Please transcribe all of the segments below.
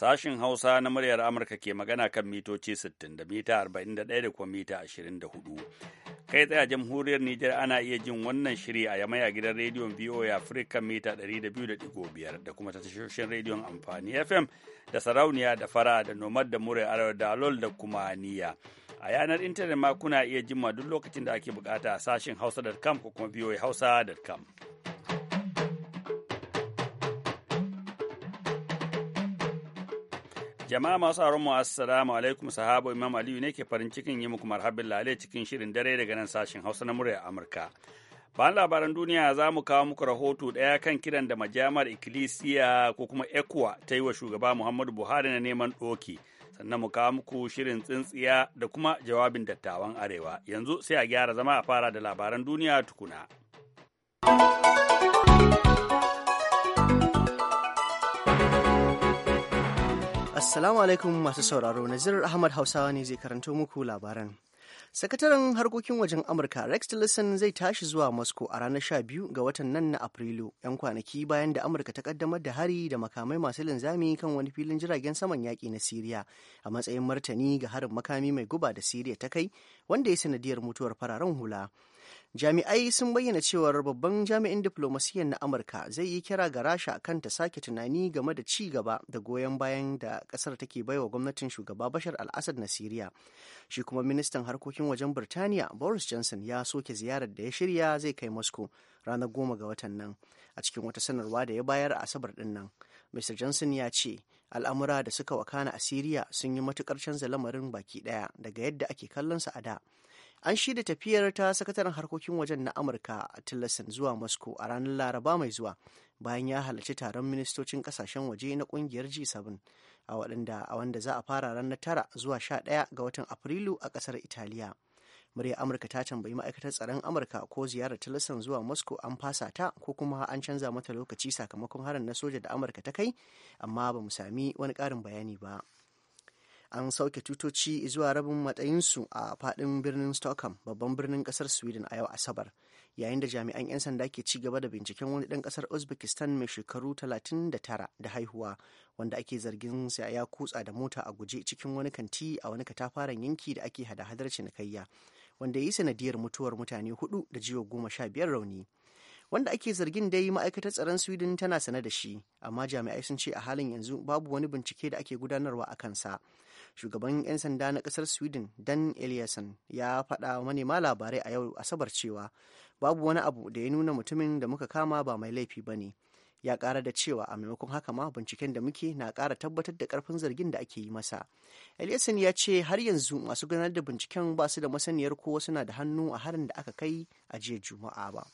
Sashin Hausa na muryar Amurka ke magana kan mitoci 60 da mita 41 da kuma mita 24. Kai tsaye a jamhuriyar Nijar ana iya jin wannan shiri a yamaya gidan rediyon VOA Africa mita 200.5 da kuma tashoshin rediyon amfani FM da sarauniya da fara da nomad da muryar arewa da alol da kuma niya. A yanar intanet ma kuna iya jin ma duk lokacin da ake bukata a sashin hausa.com ko kuma voahausa.com. Jama'a masu aron mu assalamu alaikum sahabo Imam Aliyu ne ke farin cikin yi muku marhabin lalai cikin shirin dare daga nan sashen Hausa na murya Amurka. Bayan labaran duniya za mu kawo muku rahoto ɗaya kan kiran da majamar ikkilisiya ko kuma ekuwa ta yi wa shugaba Muhammadu Buhari na neman doki Sannan mu kawo muku shirin tsintsiya da kuma jawabin dattawan Arewa. Yanzu sai a gyara zama a fara da labaran duniya tukuna. Assalamu alaikum masu sauraro, Nazir Ahmad Hausawa ne zai karanto muku labaran. Sakataren harkokin wajen Amurka Rex Tillerson zai tashi zuwa Moscow a ranar 12 ga watan nan na Afrilu, 'yan kwanaki bayan da Amurka ta kaddamar da hari da makamai masu linzami kan wani filin jiragen saman yaƙi na Siriya a matsayin martani ga harin makami mai guba da Siriya ta kai wanda ya sanadiyar mutuwar fararen hula. jami'ai sun bayyana cewar babban jami'in diflomasiyyar na amurka zai yi kira ga rasha kan ta sake tunani game da ci gaba da goyon bayan da kasar take baiwa gwamnatin shugaba bashar al-assad na siriya shi kuma ministan harkokin wajen birtaniya boris johnson ya soke ziyarar da ya shirya zai kai moscow ranar goma ga watan nan a cikin wata sanarwa da ya bayar a asabar din nan mr johnson ya ce al'amura da suka wakana a siriya sun yi matukar canza lamarin baki daya daga yadda ake kallon su a da an shirya tafiyar ta sakataren harkokin wajen na amurka a tillerson zuwa moscow a ranar laraba mai zuwa bayan ya halarci taron ministocin kasashen waje na kungiyar g7 a wadanda a wanda za a fara ranar tara zuwa sha ɗaya ga watan afrilu a kasar italiya murya amurka ta tambayi ma'aikatar tsaron amurka ko ziyarar tillerson zuwa moscow an fasa ta ko kuma an canza mata lokaci sakamakon harin na soja da amurka ta kai amma ba mu sami wani karin bayani ba. an sauke tutoci zuwa rabin matsayinsu a fadin birnin stockholm babban birnin kasar sweden a yau asabar yayin da jami'an 'yan sanda ke ci gaba da binciken wani dan ƙasar uzbekistan mai shekaru 39 da haihuwa wanda ake zargin sa ya kutsa da mota a guje cikin wani kanti a wani katafaren yanki da ake hada-hadar cinikayya wanda ya yi sanadiyar mutuwar mutane hudu da jiwo goma sha biyar rauni wanda ake zargin dai ma'aikatar tsaron sweden tana sane da shi amma jami'ai sun ce a halin yanzu babu wani bincike da ake gudanarwa a kansa shugaban 'yan sanda na kasar sweden dan eliasson ya faɗa manema labarai a yau asabar cewa babu wani abu da ya nuna mutumin da muka kama ba mai laifi ba ne ya ƙara da cewa a maimakon haka ma binciken da muke na kara tabbatar da karfin zargin da ake yi masa eliasson ya ce har yanzu masu gudanar da binciken ba su da masaniyar ko suna da hannu a harin da aka kai a jiya juma'a ba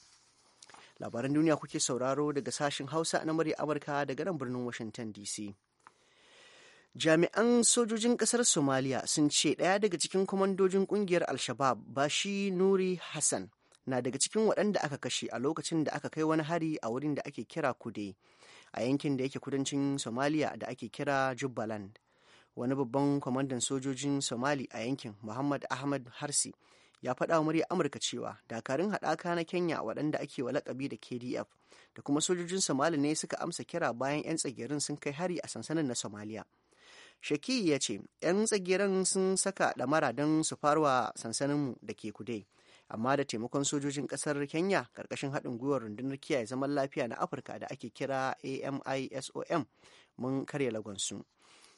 labaran duniya kuke sauraro daga sashen hausa na murya amurka daga nan birnin washington dc jami'an sojojin kasar somaliya sun ce ɗaya daga cikin kwamandojin kungiyar al-shabab bashi nuri hassan na daga cikin waɗanda aka kashe a lokacin da aka kai wani hari a wurin da ake kira kude a yankin da yake kudancin somaliya da ake kira jubbaland wani babban kwamandan sojojin somali a yankin muhammad ahmad harsi ya faɗa murya amurka cewa dakarun haɗaka na kenya waɗanda ake wa lakabi da kdf da kuma sojojin somali ne suka amsa kira bayan 'yan tsagerin sun kai hari a sansanin na somaliya shaki ya ce 'yan tsagiran sun saka ɗamara don su farwa sansaninmu da ke kudai amma da taimakon sojojin ƙasar kenya ƙarƙashin haɗin gwiwar rundunar kiyaye zaman lafiya na afirka da ake kira amisom mun karya lagonsu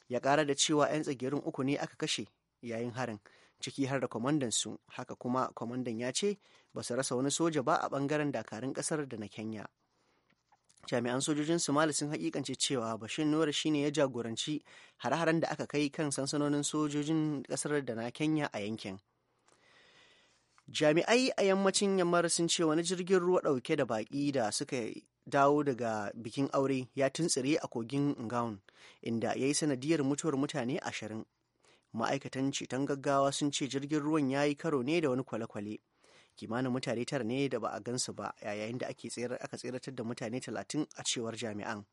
ya ƙara da cewa 'yan tsagirin uku ne aka kashe yayin harin ciki har da kwamandan su haka kuma kwamandan ya ce ba su rasa wani soja ba a ɓangaren dakarun ƙasar da na kenya jami'an sojojin somali sun hakikance cewa bashir nura shine ya jagoranci hare-haren da aka kai kan sansanonin sojojin kasar da na kenya a yankin jami'ai a yammacin yammar sun ce wani jirgin ruwa dauke da baki da suka dawo daga bikin aure ya tuntsire a kogin ngaun inda ya yi sanadiyar mutuwar mutane ashirin ma'aikatan ceton gaggawa sun ce jirgin ruwan ya yi karo ne da wani kwale-kwale kimanin mutane tara ne da ba a gansu ba yayin da ake aka tseratar da mutane talatin a cewar jami'an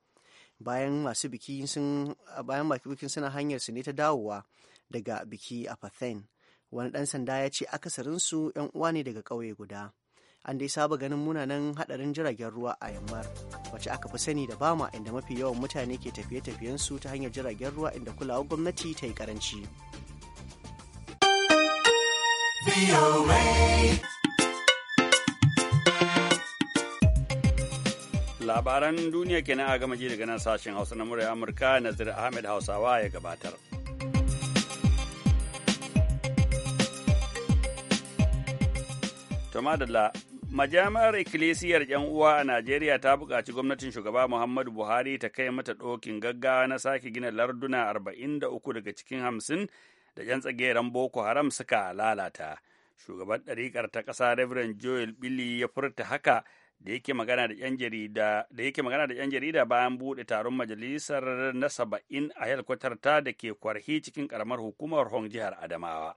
bayan masu biki sun bayan masu bikin suna hanyar su ne ta dawowa daga biki a Pathen wani dan sanda ya ce akasarin su yan uwa ne daga ƙauye guda an dai saba ganin munanan hadarin jiragen ruwa a yammar wacce aka fi sani da bama inda mafi yawan mutane ke tafiye-tafiyen su ta hanyar jiragen ruwa inda kulawar gwamnati ta yi karanci. labaran duniya kenan a gama ji daga nan sashen hausa na murya amurka nazir ahmed hausawa ya gabatar tomadala majami'ar ikkilisiyar yan uwa a najeriya ta buƙaci gwamnatin shugaba muhammadu buhari ta kai mata ɗokin gaggawa na sake gina larduna 43 daga cikin hamsin da 'yan tsageren boko haram suka lalata shugaban ɗariƙar ta ƙasa reverend joel billy ya furta haka da yake magana da 'yan jarida da yake magana da 'yan jarida bayan bude taron majalisar na saba'in a helkwatar ta da ke kwarhi cikin karamar hukumar Hong jihar Adamawa.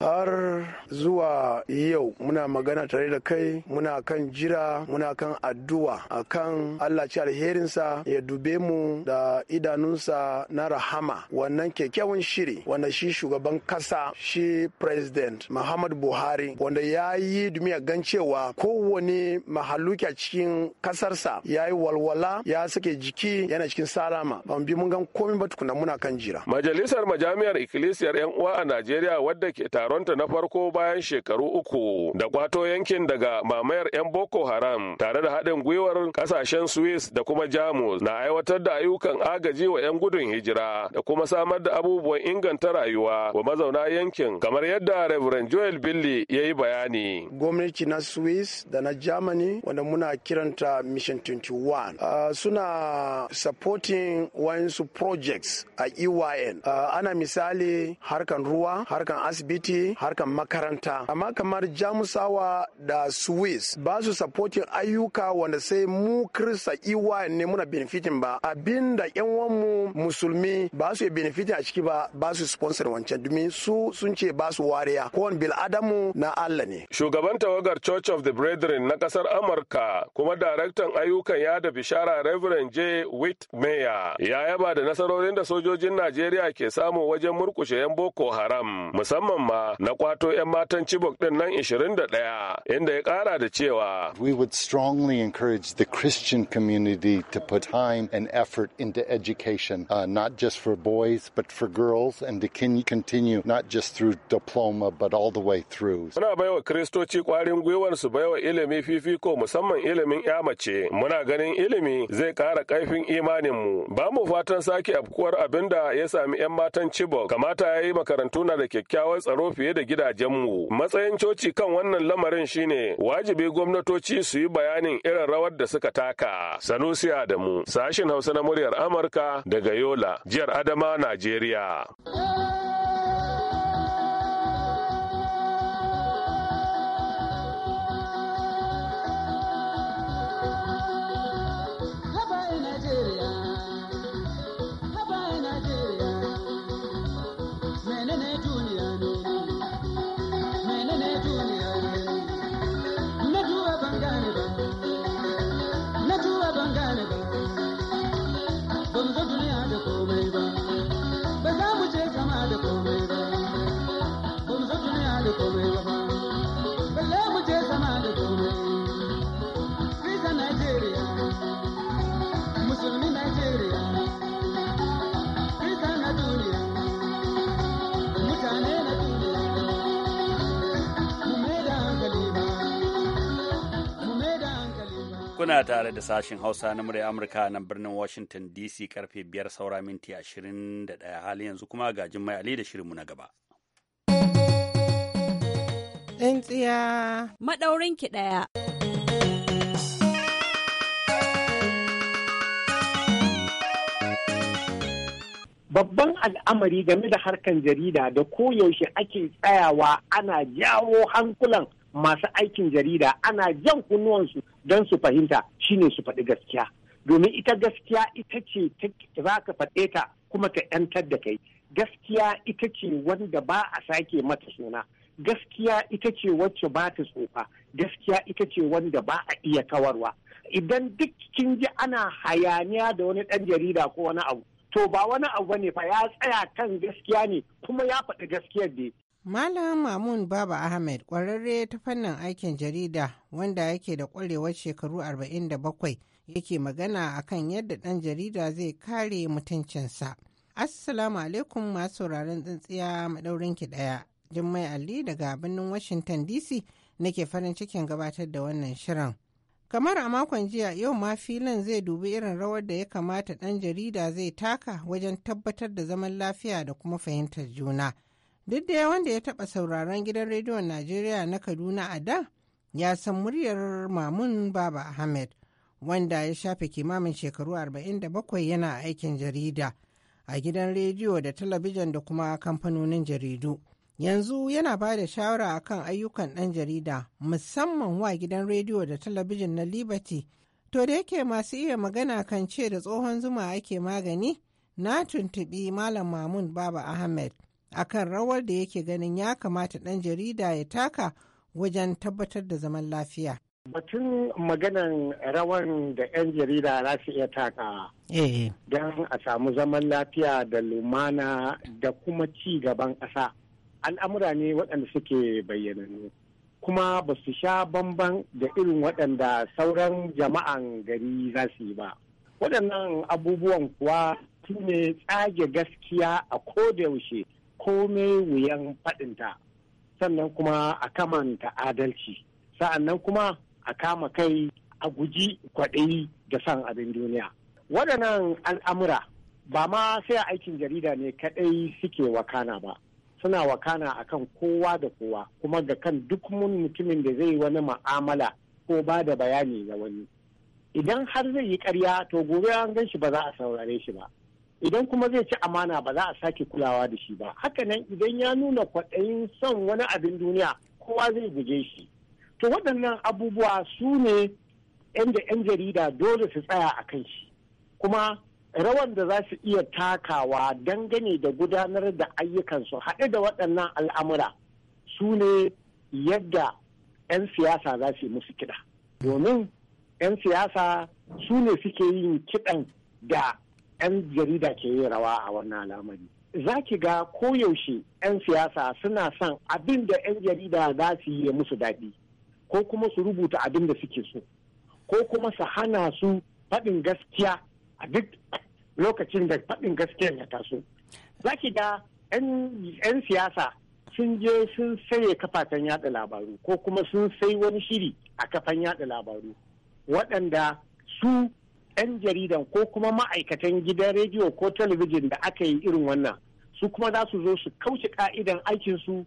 har zuwa yau muna magana tare da kai muna kan jira muna kan addu'a akan Allah ci alherinsa ya dube mu da idanunsa na rahama wannan kyakkyawan shiri wanda shi shugaban kasa shi president Muhammad Buhari wanda ya yi duniya gan cewa kowane mahaluki a cikin kasarsa ya yi walwala ya sake jiki yana cikin salama ban bi mun gan komai ba tukuna muna kan jira majalisar majami'ar ikkilisiyar yan uwa a Najeriya wadda ke taro taronta na farko bayan shekaru uku da kwato yankin daga mamayar 'yan Boko Haram tare da haɗin gwiwar kasashen Swiss da kuma Jamus na aiwatar da ayyukan agaji wa 'yan gudun hijira da kuma samar da abubuwan inganta rayuwa wa mazauna yankin kamar yadda Reverend Joel Billy ya yi bayani. Gwamnati na Swiss da na Germany wanda muna kiranta Mission 21 uh, suna supporting wayansu projects a EYN. Uh, ana misali harkan ruwa, harkan asibiti, harkar makaranta amma kamar jamusawa da swiss ba su supportin ayyuka wanda sai mu kirista iwa e ne muna benefitin ba abinda yan mu musulmi ba su yi benefitin a ciki ba ba su sponsor wancan domin su sun ce ba su wariya kowane bil adamu na allah ne shugaban tawagar church of the brethren na kasar amurka kuma daraktan ayyukan yada bishara reverend j wit meya ya yaba da nasarorin da sojojin najeriya ke samu wajen murkushe yan boko haram musamman ma na kwato 'yan matan Chibok din nan 21 inda ya kara da cewa We would strongly encourage the Christian community to put time and effort into education uh, not just for boys but for girls and to continue not just through diploma but all the way through. Muna baiwa Kiristoci kwarin gwiwar su baiwa ilimi fifiko musamman ilimin ya mace. Muna ganin ilimi zai kara kaifin imaninmu. Ba mu fatan sake abkuwar abin da ya sami 'yan matan Chibok. Kamata ya yi makarantu na da kyakkyawar tsaro fiye da gidajenmu matsayin coci kan wannan lamarin shine wajibi gwamnatoci su yi bayanin irin rawar da suka taka sanusi adamu sashin hausa na muryar amurka daga yola jihar adama najeriya kuna tare da sashen hausa na murya amurka nan birnin washington dc karfe biyar saura minti 21 hali yanzu kuma gajin mai ali da shirinmu na gaba tsintsiya maɗaurinki ɗaya babban al'amari game da harkan jarida da koyaushe ake tsayawa ana jawo hankulan masu aikin jarida ana jan kunnuwansu don su fahimta shine su faɗi gaskiya domin ita gaskiya ita ce za ka faɗe ta kuma ka 'yantar da kai gaskiya ita ce wanda ba a sake mata suna gaskiya ita ce wacce ba ta tsofa gaskiya ita ce wanda ba a iya kawarwa idan duk kin ji ana hayaniya da wani ɗan jarida ko wani abu to ba wani abu ne fa ya tsaya kan gaskiya ne kuma ya faɗi gaskiyar da Malam Mamun Baba Ahmed ƙwararre ta fannin aikin jarida wanda yake da ƙwarewar shekaru 47 yake magana a kan yadda ɗan jarida zai kare mutuncinsa. Assalamu alaikum masu sauraron tsintsiya ki ɗaya. Jummai Ali daga birnin Washington DC nake farin cikin gabatar da wannan shirin. Kamar a makon jiya yau ma filin zai dubi irin rawar da ya kamata ɗan jarida zai taka wajen tabbatar da zaman lafiya da kuma fahimtar juna. Duk da wanda ya taɓa sauraron gidan rediyon Najeriya na Kaduna a da ya san muryar Mamun Baba Ahmed wanda ya shafe kimamin shekaru 47 yana aikin jarida a gidan rediyo da talabijin da kuma kamfanonin jaridu. Yanzu yana ba da shawara a kan ayyukan ɗan jarida musamman wa gidan rediyo da talabijin na Liberty. To da yake masu iya magana kan ce da tsohon zuma ake magani, na tuntubi Malam Mamun Baba Ahmed. akan rawar da yake ganin ya kamata ɗan jarida ya taka wajen tabbatar da zaman lafiya. Batun maganan rawan da 'yan jarida za su iya taka eh. don a samu zaman lafiya da lumana da kuma ci gaban ƙasa al'amura ne waɗanda suke bayyananu kuma ba su sha bamban da irin waɗanda sauran jama'an gari za su yi ba. Waɗannan abubuwan kuwa su ne tsage gaskiya a kodayaushe. yaushe komai wuyan faɗinta sannan kuma a kamanta adalci sa'annan kuma a kama kai a guji kwaɗayi da san abin duniya waɗannan al'amura ba ma sai aikin jarida ne kaɗai suke wakana ba suna wakana akan kowa da kowa kuma ga kan duk mutumin da zai wani ma'amala ko ba da bayani ga wani idan har zai yi karya to gobe an gan shi ba za a saurare shi ba idan kuma zai ci amana ba za a sake kulawa da shi ba hakanan idan ya nuna kwaɗayin son wani abin duniya kowa zai guje shi to waɗannan abubuwa su ne 'yan jarida dole su tsaya a kan shi kuma rawan da za su iya takawa dangane da gudanar da ayyukansu haɗe da waɗannan al'amura su ne yadda 'yan siyasa za su yi musu kiɗa domin 'yan siyasa su ne suke yin kiɗan da 'yan jarida ke yi rawa a wannan al'amari za ki ga koyaushe 'yan siyasa suna son abin da 'yan jarida za su yi musu daɗi ko kuma su rubuta abin da suke so ko kuma su hana su faɗin gaskiya a duk lokacin da faɗin gaskiya ya taso za ki ga 'yan siyasa sun je sun saye kafafen yada labaru ko kuma sun sai wani shiri a kafan yada labaru waɗanda su yan jaridan ko kuma ma'aikatan gidan rediyo ko talabijin da aka yi irin wannan su kuma za su zo su kauce ka'idan aikinsu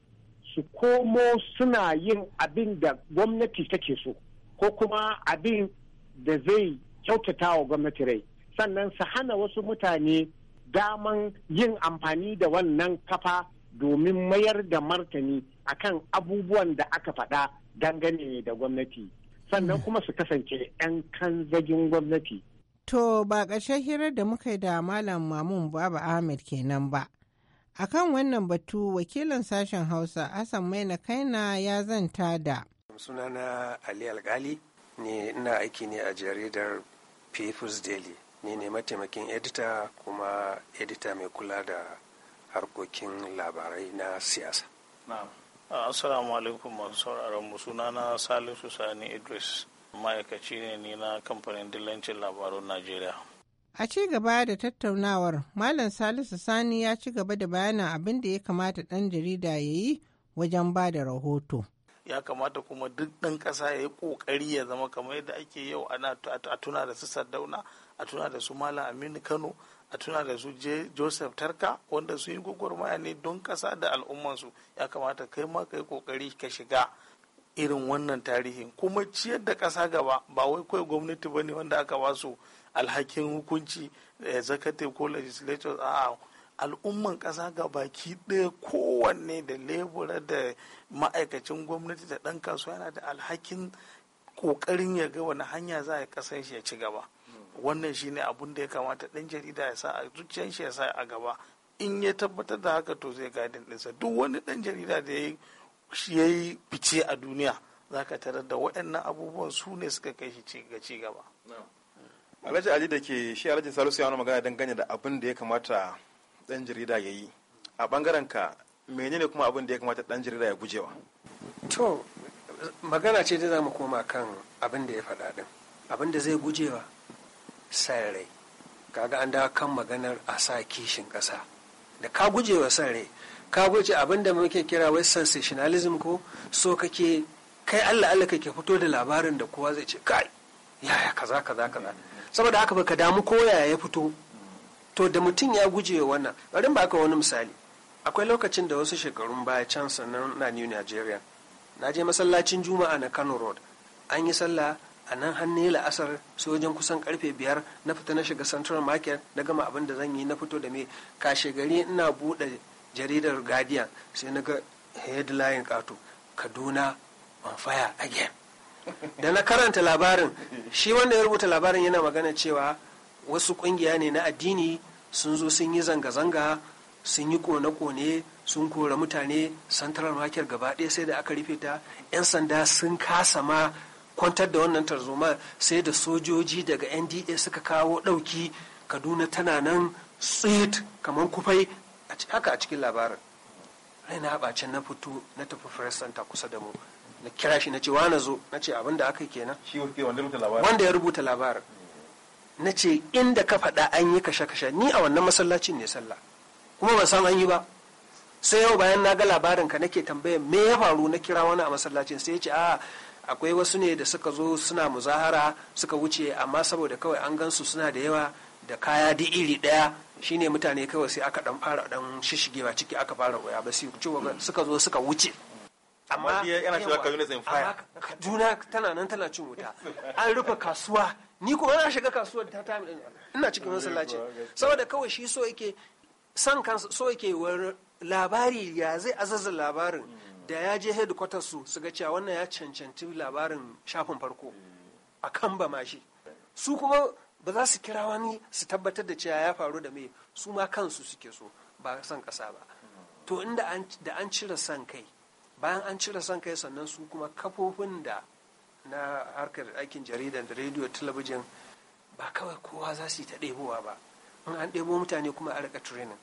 su komo suna yin abin da gwamnati take so ko kuma abin da zai kyautata wa gwamnati rai sannan su hana wasu mutane daman yin amfani da wannan kafa domin mayar da martani akan abubuwan da aka faɗa dangane da gwamnati sannan hmm. kuma su kasance 'yan kan gwamnati To ba ƙarshen hirar da muka yi da Malam Mamun Baba Ahmed kenan ba. A kan wannan batu wakilin sashen Hausa Hassan Maina Kaina ya zanta da. Sunana Ali Alkali ne ina aiki ne a jaridar People's Daily. Ni ne mataimakin edita kuma edita mai kula da harkokin labarai na siyasa. Na'am. Assalamu alaikum masu sauraron mu sunana Salisu Sani Idris. ma'aikaci ne ni na kamfanin dillancin labarun najeriya a ci gaba da tattaunawar malam salisu sani ya ci gaba da bayanan abin da ya kamata ɗan jarida ya yi wajen ba da rahoto ya kamata kuma duk ɗan ƙasa ya yi ƙoƙari ya zama kamar yadda ake yau ana a tuna da su sardauna a tuna da su malam aminu kano a tuna da su joseph tarka wanda su yi gwagwarmaya ne don ƙasa da al'ummansu ya kamata kai ma ka yi ƙoƙari ka shiga irin wannan tarihin kuma ciyar da ƙasa gaba ba wai kawai gwamnati ba ne wanda aka basu alhakin hukunci da eh, zakate ko legislature a al'umman ƙasa baki ɗaya kowanne da lebura da ma'aikacin gwamnati da ɗan kasuwa yana da alhakin ƙoƙarin ya ga wani hanya za a ƙasan shi ya ci gaba wannan shine abun da ya kamata ɗan jarida ya sa a zuciyar shi ya sa a gaba in ya tabbatar da haka to zai gadin ɗinsa duk wani ɗan jarida da ya yi. shi ya yi fice a duniya za ka tarar da waɗannan abubuwan su ne suka kai shi ga ci gaba alhaji ali da ke shi alhaji salisu ya wani magana dangane da abin da ya kamata dan jarida ya yi a bangaren ka menene kuma abin da ya kamata dan jarida ya gujewa to magana ce da za mu koma kan abin da ya faɗa ɗin. abin da zai gujewa san rai kaga an dawo kan maganar a sa kishin ƙasa da ka gujewa san rai ka wuce abin da muke kira wai sensationalism ko so kake kai Allah Allah kake fito da labarin da kowa zai ce kai yaya kaza kaza kaza saboda haka baka damu ko yaya ya fito to da mutum ya guje wa wannan bari ba ka wani misali akwai lokacin da wasu shekarun baya can sannan na New Nigeria na je masallacin Juma'a na Kano Road an yi sallah a nan hannu la'asar sojan kusan karfe biyar na fita na shiga central market na gama abin da zan yi na fito da me kashe gari ina buɗe jaridar guardian sai na ga headline kato kaduna on fire again da na karanta labarin shi wanda ya rubuta labarin yana magana cewa wasu kungiya ne na addini sun zo sun yi zanga-zanga sun yi kone-kone sun kora mutane central market gaba ɗaya sai da aka rufe ta 'yan sanda sun kasa ma kwantar da wannan tarzoma sai da sojoji daga nda suka kawo ɗauki kaduna tana nan tsit kamar kufai haka a cikin labarin raina haɓacin na fito na tafi press center kusa da mu na kira shi na ce wa na zo na ce abin da aka yi kenan wanda ya rubuta labarin na ce inda ka faɗa an yi kashe-kashe ni a wannan masallacin ne sallah kuma ban san an yi ba sai yau bayan na ga labarin ka nake tambaya me ya faru na kira wani a masallacin sai ya ce a ah, akwai wasu ne da suka zo suna muzahara suka wuce amma saboda kawai an gan su suna da yawa da kaya di iri ɗaya shine mutane kawai sai aka dan fara dan shishigewa ciki aka fara koya ba sai suka zo suka wuce amma yana cewa kaduna tsayin faya kaduna tana nan tana cin wuta an rufe kasuwa ni kuma na shiga kasuwar ta ta ina cikin masallaci saboda kawai shi so yake san kan so yake labari ya zai azazza labarin da ya je headquarters su su ga cewa wannan ya cancanci labarin shafin farko a kan ba mashi su kuma ba za su kira wani su tabbatar da cewa ya faru da me su ma kansu suke so ba san kasa ba to inda da an cire san kai bayan an cire son kai sannan su kuma kafofin da na harkar aikin jarida da rediyo talabijin ba kawai kowa za su yi ta ɗebowa ba in an ɗebo mutane kuma a rika training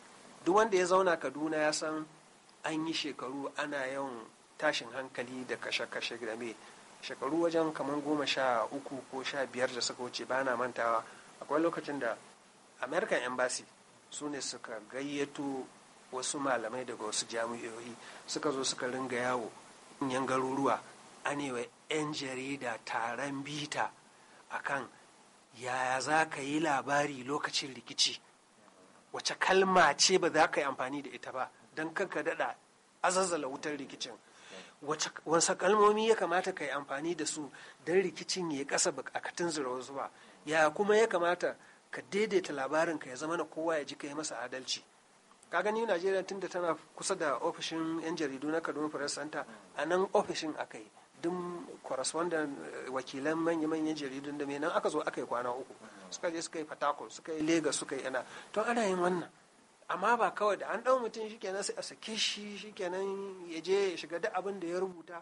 duk wanda ya zauna kaduna ya san an yi shekaru ana yawan tashin hankali da kashe-kashe game shekaru wajen kamar goma sha uku ko sha biyar da suka wuce ba na mantawa akwai lokacin da american embassy su ne suka gayyato wasu malamai daga wasu jami'o'i suka zo suka ringa yawo yan garuruwa anewa 'yan jarida taron bita akan yaya za ka yi labari lokacin rikici wace kalma ce ba za ka yi amfani da ita ba don kanka daɗa azazzala wutar rikicin wasu kalmomi ya kamata ka yi amfani da su don rikicin ya kasa bakatun zuwa wasu ba ya kuma ya kamata ka daidaita labarin ka ya zama na kowa ya ji ka yi masa adalci ka gani najeriya tun da tana kusa da ofishin yan jaridu na kaduna press center a nan ofishin aka yi duk correspondent eh, wakilan manya-manyan jaridun da mai nan aka zo aka yi kwana uku suka je suka yi fatakul suka yi lagos suka yi yana to ana yin wannan amma ba kawai da an ɗau mutum shikenan sai a sake shi shikenan ya je ya shiga duk abin da ya rubuta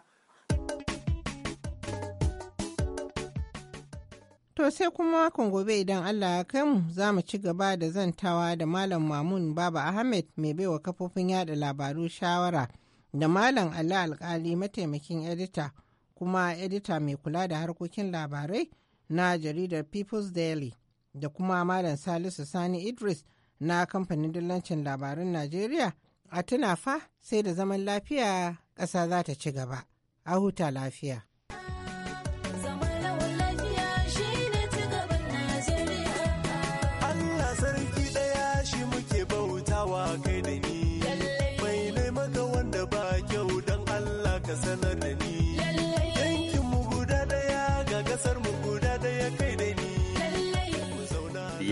To sai kuma makon gobe idan Allah ya kai mu za mu ci gaba da zantawa da Malam Mamun Baba Ahmed mai baiwa kafofin yada labaru shawara da Malam Allah Alkali mataimakin edita kuma edita mai kula da harkokin labarai na jaridar People's Daily da kuma Malam Salisu Sani Idris na kamfanin dillancin labarun Najeriya a tuna fa sai da zaman lafiya ƙasa za ta ci gaba. A huta lafiya.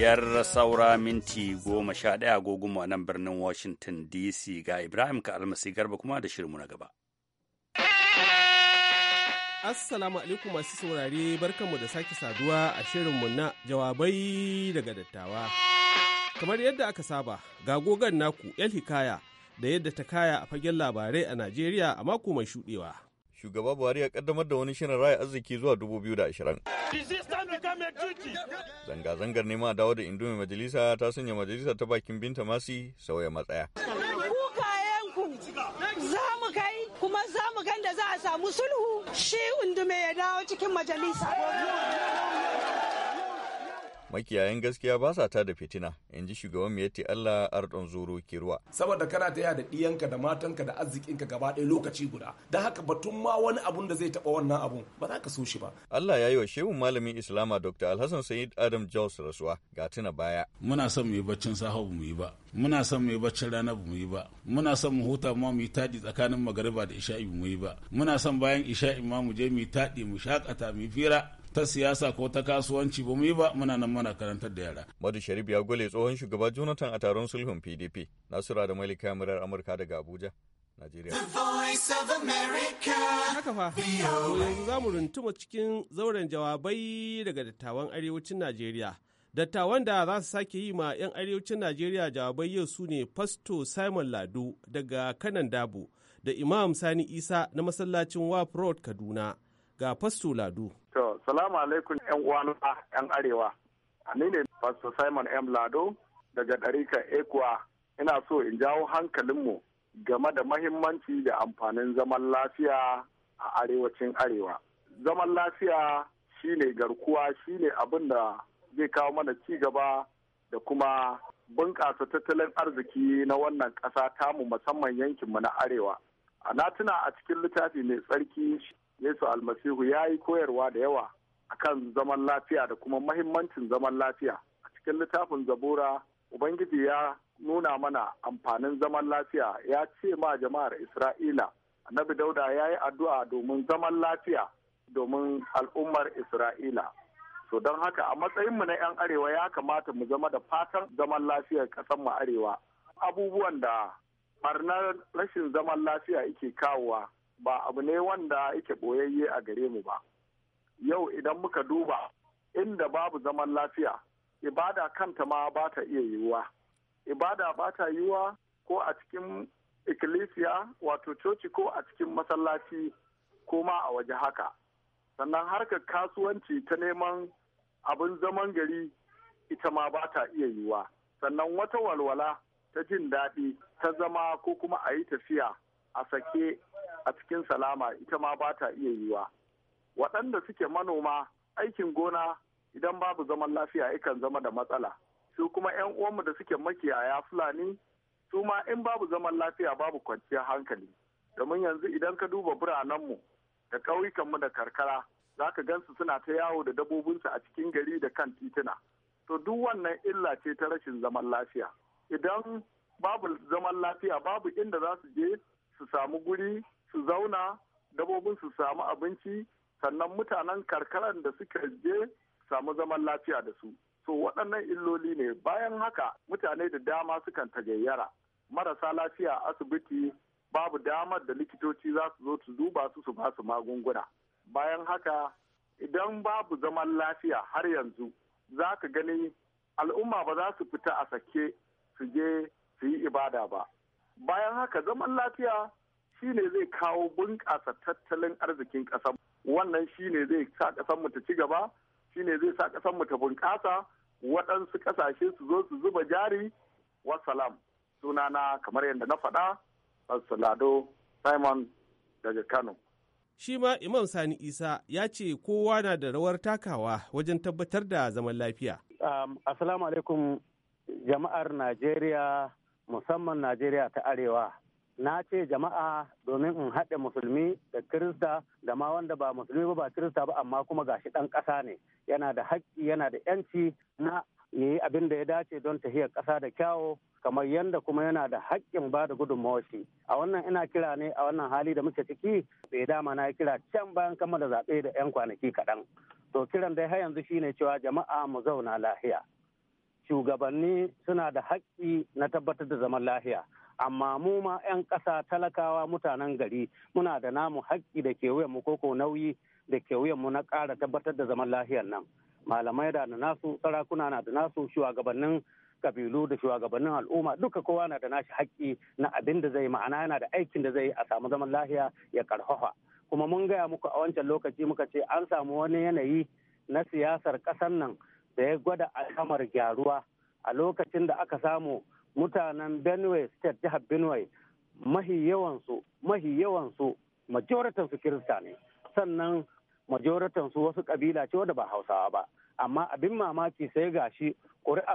biyar saura minti goma sha ɗaya agogon nan birnin Washington DC ga Ibrahim ka almasi garba kuma da shirinmu na gaba. Assalamu alaikum masu saurare barkanmu da sake saduwa a shirin mu na jawabai daga dattawa. Kamar yadda aka saba, ga gogon naku 'yan Hikaya da yadda ta kaya a fagen labarai a Najeriya a mako mai shuɗewa. shugaba Buhari ya kaddamar da wani shirin raya arziki zuwa 2020. Zanga-zangar nema dawo da indomi majalisa ta sanya majalisa ta bakin binta masi sauya matsaya. kai kuma za mu da za a samu sulhu shi undume ya dawo cikin majalisa. makiyayan gaskiya ba sa tada fitina in ji shugaban miyatti Allah Ardon Zoro ruwa. Saboda kana taya da ɗiyanka da matanka da arzikinka gaba ɗaya lokaci guda da haka batun ma wani abun da zai taɓa wannan abun ba za ka so shi ba. Allah ya yi wa shehun malamin Islama Dr. Alhassan Sayyid Adam Jaws rasuwa ga tuna baya. Muna son mu yi baccin safa mu yi ba. muna son mu yi baccin rana ba mu yi ba muna son mu huta ma mu yi taɗi tsakanin magariba da isha'i mu yi ba muna son bayan isha'i ma mu je mu yi taɗi mu shakata mu yi fira ta siyasa ko ta kasuwanci ba mu yi ba muna nan mana karantar da yara. Madu Sharif ya gole tsohon shugaba Jonathan a taron sulhun PDP. Nasura da Mali Kamarar Amurka daga Abuja. Najeriya. Haka fa, yanzu za mu runtuma cikin zauren jawabai daga dattawan arewacin Najeriya. Dattawan da za su sake yi ma 'yan arewacin Najeriya jawabai yau su ne Fasto Simon Lado daga Kanan Dabo da Imam Sani Isa na masallacin Waf Road Kaduna ga Fasto Lado. To, salamu alaikum ‘yan uwana ‘yan arewa. Ni ne Fasto Simon M. Lado daga ɗarika Ekuwa. Ina so in jawo hankalinmu game da mahimmanci da amfanin zaman lafiya a arewacin arewa. Zaman lafiya shi ne garkuwa shi ne abin da zai kawo mana ci gaba da kuma bunƙasa tattalin arziki na wannan ƙasa tamu musamman yankinmu na arewa. A na tuna a cikin littafi mai tsarki yesu almasihu ya yi koyarwa da yawa akan zaman lafiya da kuma mahimmancin zaman lafiya a cikin littafin zabura ubangiji ya nuna mana amfanin zaman lafiya ya ce ma jama'ar isra'ila annabi dauda ya yi addu'a domin zaman lafiya domin al'ummar isra'ila So don haka a matsayinmu na 'yan arewa ya kamata mu zama da fatan zaman lafiyar mu arewa abubuwan da barnar rashin zaman lafiya yake kawowa ba abu ne wanda yake boyayye a gare mu ba yau idan muka duba inda babu zaman lafiya ibada kanta ma ba ta iya yiwuwa ibada ba ta yiwuwa ko a cikin ikkilisiya wato coci ko a cikin masallaci ko ma a waje haka sannan harkar kasuwanci ta neman abin zaman gari ita ma ba ta iya yiwuwa sannan wata walwala ta jin daɗi ta zama ko kuma a yi tafiya a sake a cikin salama ita ma ba ta iya yiwa waɗanda suke manoma aikin gona idan babu zaman lafiya ikan zama da matsala su kuma 'yan uwanmu da suke makiyaya fulani su ma in babu zaman lafiya babu kwanciyar hankali domin yanzu idan ka duba biranenmu da ƙauyukanmu da karkara za ka gansu suna ta yawo da dabobinsu a cikin gari da kan tituna to duk wannan illa ce ta rashin zaman lafiya idan babu zaman lafiya babu inda za su je su samu guri su zauna dabobin su samu abinci sannan mutanen karkaran da suka je samu zaman lafiya da su so waɗannan illoli ne bayan haka mutane da dama sukan tagayyara marasa lafiya asibiti babu damar da likitoci za su zo su duba su su ba su magunguna bayan haka idan babu zaman lafiya har yanzu za ka gani al'umma ba za su fita a sake su je su yi ibada ba bayan haka zaman lafiya shine zai kawo bunƙasa tattalin arzikin ƙasa wannan shi ne zai sa ƙasar mu ta ci gaba shine ne zai sa ƙasar mu ta bunƙasa waɗansu ƙasashe su zo su zuba jari wasalam sunana kamar yadda na faɗa Salado Simon daga Kano. Shi ma Imam Sani Isa ya ce kowa na da rawar takawa wajen tabbatar da zaman lafiya. Um, Assalamu alaikum jama'ar Najeriya musamman Najeriya ta Arewa. na ce jama'a domin in haɗe musulmi da kirista da ma wanda ba musulmi ba ba kirista ba amma kuma ga shi ɗan ƙasa ne yana da haƙƙi yana da yanci na ya yi abin da ya dace don tahiyar ƙasa da kyawo kamar yadda kuma yana da haƙƙin ba da shi a wannan ina kira ne a wannan hali da muke ciki bai dama na kira can bayan kammala zaɓe da 'yan kwanaki kaɗan to kiran dai har yanzu shine cewa jama'a mu zauna lahiya shugabanni suna da haƙƙi na tabbatar da zaman lahiya amma mu ma 'yan ƙasa talakawa mutanen gari muna da namu haƙƙi da kewayen mu ko nauyi da kewayen mu na ƙara tabbatar da zaman lafiyar nan malamai da na nasu sarakuna na da nasu shugabannin kabilu da shugabannin al'umma duka kowa na da nashi haƙƙi na abin da zai ma'ana yana da aikin da zai a samu zaman lafiya ya karfafa kuma mun gaya muku a wancan lokaci muka ce an samu wani yanayi na siyasar ƙasar nan da ya gwada alhamar gyaruwa a lokacin da aka samu mutanen benue state jihar benue mahi yawansu mahi yawansu majoritan su kirista ne sannan majoritan su wasu kabila ce wadda ba hausawa ba amma abin mamaki sai gashi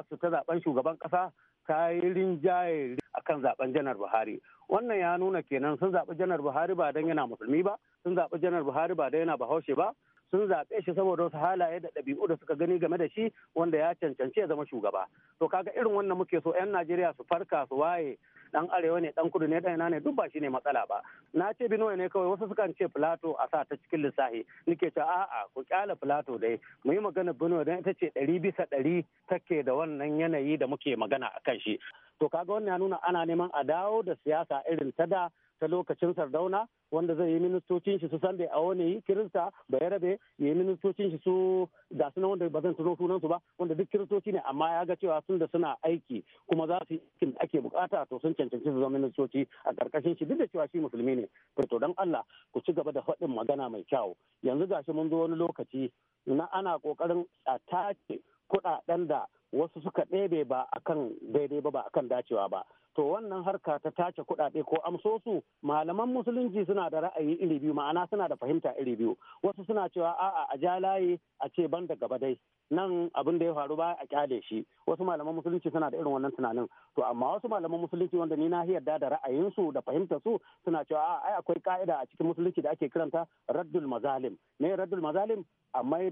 su ta zaben shugaban kasa ta yi rinjaye akan zaben janar buhari wannan ya nuna kenan sun zaɓi janar buhari ba don yana musulmi ba sun zaɓi janar buhari ba don yana bahaushe ba sun zaɓe shi saboda wasu halaye da ɗabi'u da suka gani game da shi wanda ya cancanci ya zama shugaba to kaga irin wannan muke so 'yan najeriya su farka su waye dan arewa ne dan kudu ne dan ina ne duk ba shi ne matsala ba na ce binuwa ne kawai wasu sukan ce plato a sa ta cikin lissafi nike ce a'a ku kyala plato dai mu yi magana binuwa dan ita ce ɗari bisa ɗari take da wannan yanayi da muke magana a kan shi to kaga wannan ya nuna ana neman a dawo da siyasa irin ta da ta lokacin sardauna wanda zai yi ministocin shi su da a wani kirista rabe ya yi ministocin shi su ga suna wanda ba zan tuno sunansu ba wanda duk kiristoci ne amma ya ga cewa sun da suna aiki kuma za su yi ake bukata to sun cancanci su zama ministoci a karkashin shi duk da cewa shi musulmi ne to don Allah ku ci gaba da faɗin magana mai kyau yanzu gashi mun zo wani lokaci na ana kokarin a tace kuɗaɗen da wasu suka ɗebe ba akan daidai ba ba akan dacewa ba to wannan harka ta tace kuɗaɗe ko amsosu malaman musulunci suna da ra'ayi iri biyu ma'ana suna da fahimta iri biyu wasu suna cewa a'a a ja layi a ce ban da gaba dai nan abin da ya faru ba a kyale shi wasu malaman musulunci suna da irin wannan tunanin to amma wasu malaman musulunci wanda ni na yarda da ra'ayinsu da fahimta su suna cewa a'a ai akwai ka'ida a cikin musulunci da ake kiranta raddul mazalim ne raddul mazalim a mai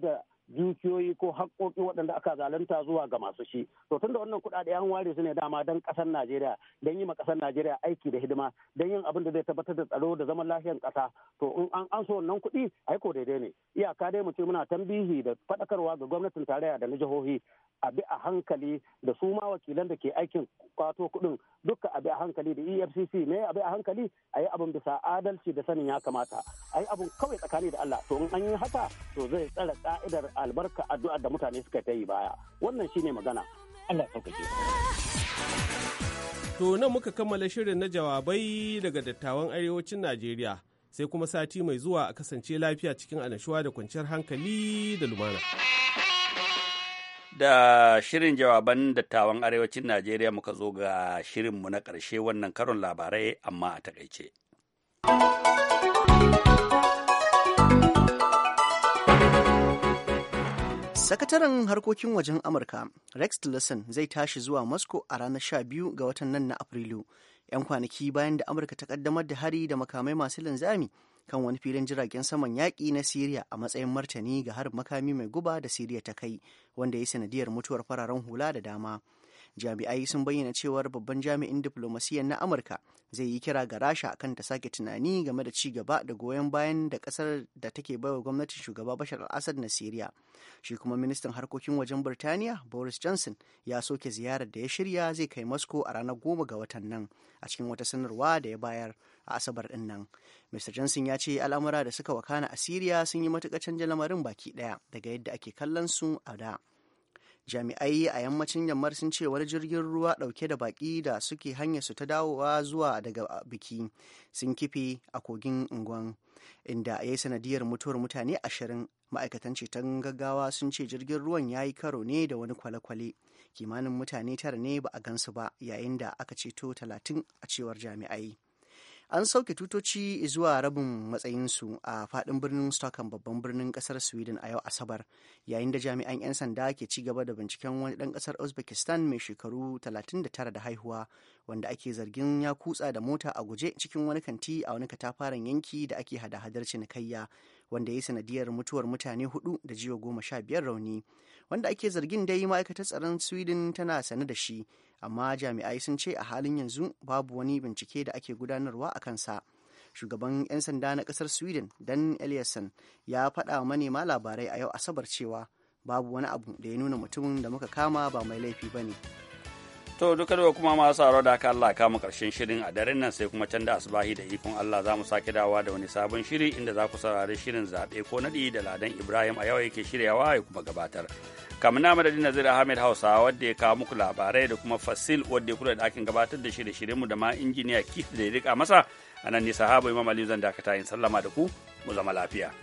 dukiyoyi ko haƙƙoƙi waɗanda aka zalunta zuwa ga masu shi to da wannan kuɗaɗe an ware su ne dama don ƙasar Najeriya don yi ma ƙasar Najeriya aiki da hidima don yin abin da zai tabbatar da tsaro da zaman lafiyar ƙasa to in an an so wannan kuɗi aiko daidai ne iyaka dai mu ce muna tambihi da faɗakarwa ga gwamnatin tarayya da na jihohi a bi a hankali da su ma wakilan da ke aikin kwato kuɗin duka a bi a hankali da EFCC ne a bi a hankali a yi abin bisa adalci da sanin ya kamata a yi abin kawai tsakani da Allah to in an yi haka to zai tsare ka'idar albarka addu'a da mutane suka ta yi baya wannan shine magana Allah ya to nan muka kammala shirin na jawabai daga dattawan arewacin Najeriya sai kuma sati mai zuwa a kasance lafiya cikin annashuwa da kwanciyar hankali da lumana. Da shirin jawaban dattawan arewacin Najeriya muka zo ga shirin mu na ƙarshe wannan karon labarai amma a takaice. Sakataren harkokin wajen Amurka Rex Tillerson zai tashi zuwa Moscow a ranar 12 ga watan nan na Afrilu, 'yan kwanaki bayan da Amurka ta kaddamar da hari da makamai masu linzami kan wani filin jiragen saman yaƙi na Siriya a matsayin martani ga harin makami mai guba da Siriya ta kai, wanda ya yi sanadiyar mutuwar fararen hula da dama. jami'ai sun bayyana cewar babban jami'in diflomasiyyar na amurka zai yi kira ga rasha kan ta sake tunani game da ci gaba da goyon bayan da kasar da take baiwa gwamnatin shugaba bashar al-assad na syria shi kuma ministan harkokin wajen birtaniya boris johnson ya soke ziyarar da ya shirya zai kai moscow a ranar goma ga watan nan a cikin wata sanarwa da ya bayar a asabar din nan mr johnson ya ce al'amura da suka wakana a syria sun yi matuƙar canja lamarin baki ɗaya daga yadda ake kallon su a da jami'ai a yammacin yammar sun ce wani jirgin ruwa dauke da baki da suke hanyar su ta dawowa zuwa daga biki sun kife a kogin unguwan inda ya yi sanadiyar mutuwar mutane ashirin ma'aikatan ceton gaggawa sun ce jirgin ruwan ya yi karo ne da wani kwale-kwale kimanin mutane tara ne ba a gansu ba yayin da aka ceto talatin a cewar jami'ai an sauke tutoci zuwa rabin matsayinsu a fadin birnin stockholm babban birnin kasar sweden a yau asabar yayin da jami'an 'yan sanda ke ci gaba da binciken wani dan kasar uzbekistan mai shekaru 39 da haihuwa wanda ake zargin ya kutsa da mota a guje cikin wani kanti a wani katafaren yanki da ake hada-hadar cinikayya wanda ya sanadiyar mutuwar mutane hudu da jiwa goma sha biyar rauni wanda ake zargin dai ma'aikatar tsaron sweden tana sane da shi amma jami'ai sun ce a halin yanzu babu wani bincike da ake gudanarwa a kansa shugaban 'yan sanda na kasar sweden dan eliasson ya faɗa manema labarai a yau asabar cewa babu wani abu da ya nuna mutumin da muka kama ba mai laifi ba ne To duka da kuma masu aro da aka Allah kama karshen shirin a daren nan sai kuma can da asbahi da ikon Allah za mu sake dawa da wani sabon shiri inda za ku saurari shirin zaɓe ko naɗi da Ladan Ibrahim a yawa yake shiryawa ya kuma gabatar. kamar na madadin Nazir Ahmed Hausa wadda ya kawo muku labarai da kuma Fasil wadda ya kula da ɗakin gabatar da shirye-shiryenmu da ma injiniya Keith da ya rika masa a nan ne sahaba Imam Ali zan dakata in sallama da ku mu zama lafiya.